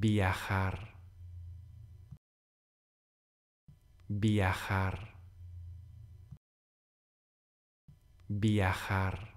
viajar, viajar, viajar.